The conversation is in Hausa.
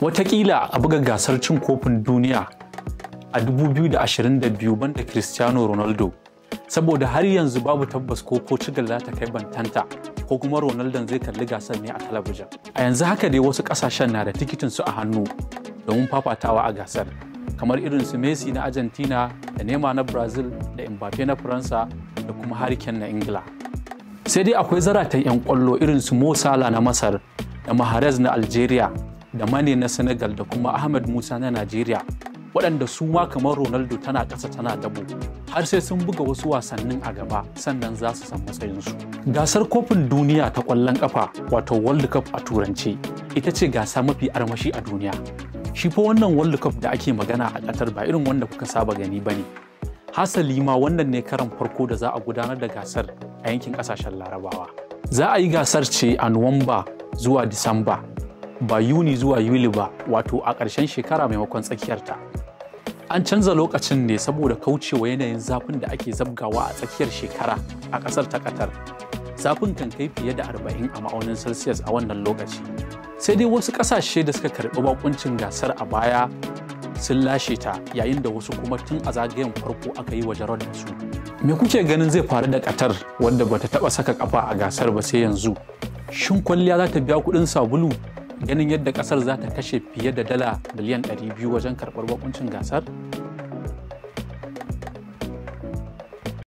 Wataƙila a buga gasar cin kofin duniya a 2022 banda cristiano ronaldo saboda har yanzu babu tabbas ko portugal za ta kai bantanta ko kuma ronaldo zai kalli gasar ne a talabijin a yanzu haka dai wasu ƙasashen na da tikitin su a hannu domin fafatawa a gasar kamar irin su messi na argentina da nema na brazil da mbappe na faransa da kuma hariken na ingila sai dai akwai zaratan 'yan kwallo irin su mo salah na masar da mahrez na algeria da mane na senegal da kuma ahmed musa na najeriya waɗanda su ma kamar ronaldo tana ƙasa tana dabo har sai sun buga wasu wasannin a gaba sannan za su san matsayinsu gasar kofin duniya ta ƙwallon ƙafa wato world cup a turance ita ce gasa mafi armashi a duniya shi fa wannan world cup da ake magana a ƙatar ba irin wanda kuka saba gani ba ne hasali ma wannan ne karan farko da za a gudanar da gasar a yankin ƙasashen larabawa za a yi gasar ce a nuwamba zuwa disamba ba Yuni zuwa Yuli ba wato a ƙarshen shekara maimakon tsakiyarta. An canza lokacin ne saboda kaucewa yanayin zafin da ake zabgawa a tsakiyar shekara a ƙasar ta Qatar. Zafin kan kai fiye da arba'in a ma'aunin Celsius a wannan lokaci. Sai dai wasu ƙasashe da suka karɓi bakuncin gasar a baya sun lashe ta yayin da wasu kuma tun a zagayen farko aka yi wa jarar su. Me kuke ganin zai faru da ƙatar wadda bata taɓa saka kafa a gasar ba sai yanzu? Shin kwalliya za ta biya kuɗin sabulu ganin yadda kasar za ta kashe fiye da dala ɗari 200 wajen karɓar bakuncin gasar